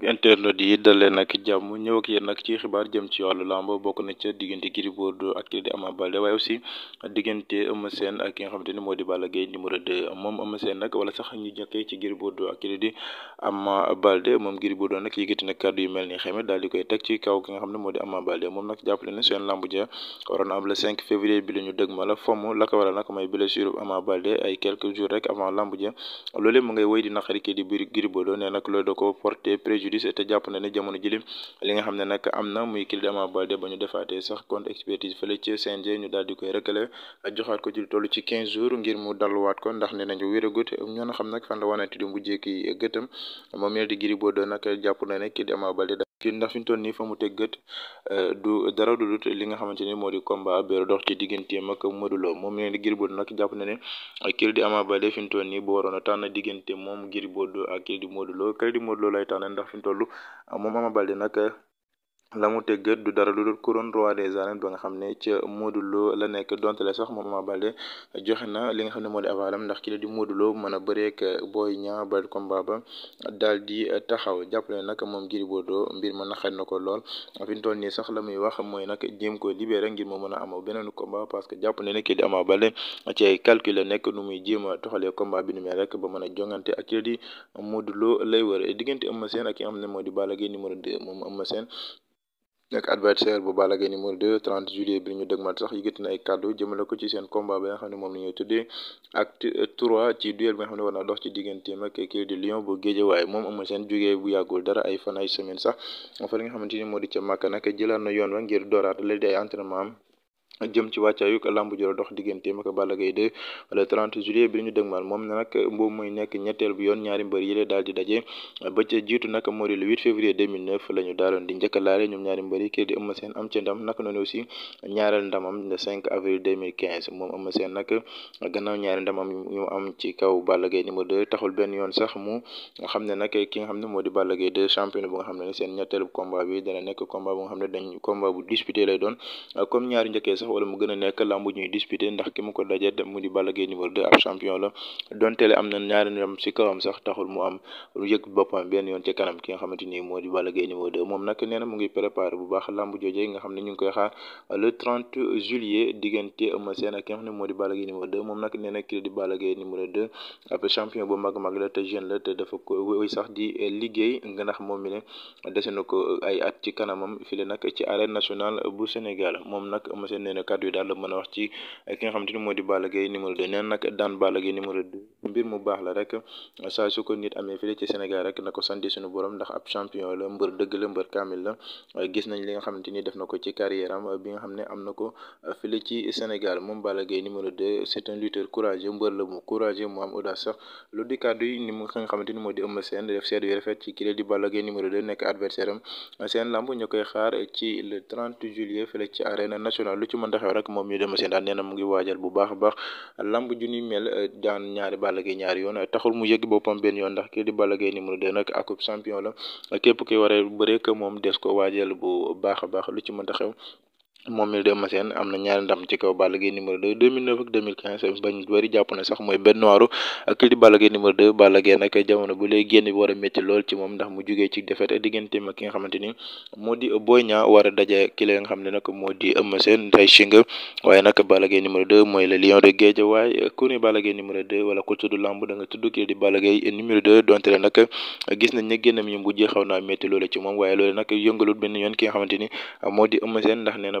internet yi dalee nag jàmm ñëw ak ci xibaar jëm ci wàllu làmb bokk na ca diggante Gris ak kii di Ama Baldé waaye aussi diggante Eumeu Sène ak ki nga xamante ni moo di Balla Gaye numéro 2 moom Eumeu Sène nag wala sax ñu jëkkee ci Gris ak di Ama Baldé moom ki di Ama Baldé moom nag jàppale ne seen làmb ja waroon am le février bi la ñu dëg la fomm la ko waral nag may blessure Ama Baldé ay quelques jours rek avant làmb ja loolee mu ngay woy di naqari kii di Gris préjudice te jàpp na ne jamono jili li nga xam ne nag am na muy kii di Ama Baldé ba ñu defaatee sax contre expertise ci CNG ñu daal di koy rëkkale joxaat ko ci lu ci 15 jours ngir mu dalluwaat ko ndax ne nañu wéragut ñoo xam nag fan la wanati di mujjee ki gëtëm moom mel di Gris Bordeaux nag jàpp na ne kii di Ama Baldé kii ndax fi ñu toll nii fa mu teg euh, du dara du dut li nga xamante ni moo di combat bi dox ci digganteem ak Modou Lo moom nee na Gris Bordeaux nag jàpp na ne di Ama Baldé fi ñu toll nii bu waroon a tànn diggante moom Gris Bordeaux ak kii di Modou Lo di Modou Lo lay tànn ndax fi ñu toll moom Ama la mu tëggat du dara lu dul couronne roi des arènes ba nga xam ne ca Modou Lo la nekk donte la sax moom Ama Baldé joxe na li nga xam ne moo di avalam ndax ki la di Modou Lo mën a bëreek Boy Niang ba ba daal di taxaw jàppale nag moom Gris Bordeaux mbir ma naqari na ko lool fi mu toll sax la muy wax mooy nag jéem ko libéré ngir moo mën a am beneen combat parce que jàpp na ne ki di Ama nekk nu muy jéem toxalee combat bi nu mel rek ba mën a jongante ak ki la Lo lay wër diggante Eumeu Sène ak ki nga xam ne moo di Balla Gaye numéro 2 moom Eumeu Sène ak adversaire bu Balla Gaye numéro 2 30 juillet bi ñu dëgmal sax yëkkati na ay kàddu jëmale ko ci seen combat bi nga xam ne moom la ñuy tuddee acte 3 ci duel bi xam ne war dox ci digganteem ak kii di Lion bu Guédiawaye moom amul seen jógee bu yàggul dara ay fan ay semaine sax fa li nga xamante ni moo di ca Màkka nag jëlaat na yoon wa ngir dooraat la di ay entraînement am jëm ci wàccaayu lambu joro dox digganteem ak Balla Gaye 2 le juillet bi ñu dëgmal moom nag boobu mooy nekk ñetteel bu yoon ñaari mbër yile daal di daje ba ca daaloon di njëkk a laale ñoom ñaari mbër yi di Eumeu Sène am ca ndam naka noonu aussi ñaareel ndamam le avril 2015 moom Eumeu Sène nag gannaaw ñaari ndamam ñu am ci kaw Balla Gaye numéro 2 taxul benn yoon sax mu xam ne nag ki nga xam ne moo di Balla Gaye 2 bu nga xam ne seen ñetteelu combat wala mu gën a nekk lamb ñuy ki mu ni moo di Balla Gaye numéro 2 moom nag nee na mu ngi préparé bu baax lamb jooje nga xam ne ñu ngi koy diggante Eumeu ak ki moo di Balla Gaye numéro 2 moom nag nee na di Balla Gaye numéro 2 ab champion bu mag mag la te jeune la te dafa ko sax di liggéey nga ndax moom mi ne dese na ko ay at ci kanamam fii la ci arène nationale bu Sénégal moom nag Eumeu Sène kàddu yi daal la mën a wax ci ki nga xamante ni di Balla Gaye def na ko ci ci Sénégal di kàddu numéro 2 nekk adversaire seen lamb ñu koy xaar ci le 30 juillet ci arène nationale lu ci mënta xew rek moom ñu dem seen daan nee na mu ngi waajal bu baax a baax lamb ju ni mel eh, daan ñaari Balla Gaye ñaari yoon eh, taxul mu yëg boppam benn yoon ndax kii di Balla Gaye numéro 2 nag akub champion la eh, képp ki waree a bëre moom des ko waajal bu baax a baax lu ci mënta xew moom mi Eumeu Sène am na ñaari ndam ci kaw Balla Gaye numéro 2 2009 ak bañ bari jàpp sax mooy benn waaru ak kii di Balla Gaye numéro 2 Balla Gaye moom ndax mu jugee ci défaite digganteem ak ki nga xamante ni moo a la nga xam ne nag moo di Eumeu Sène tey chinga waaye nag Balla Gaye numéro 2 mooy le lion de Guédiawaye ku ne Balla Gaye numéro 2 wala ku tudd lamb da nga tudd kii di Balla Gaye numéro 2 donte le nag gis nañ ne génnam yi mujjee xaw naa métti loolu ci moom waaye loolu nag yëngalut benn yoon ki nga xamante ni moo di Eumeu Sène ndax nee na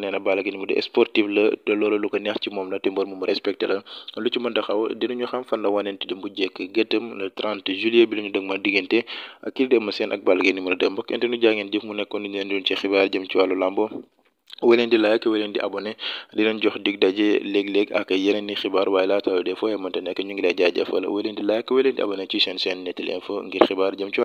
nee na Balla Gaye numéro la loolu lu ko neex ci moom la te mbër mu mu respecté la lu ci mën a xaw xam fan la wanente di mujjekk gëttam le 30 juillet bi la ñu dëg diggante ak yeneen xibaar waaye laata des fois mënta nekk ñu ngi lay jaajëfal weleen di like weleen di abonné ci seen seen Nettali Info ngir xibaar jëm ci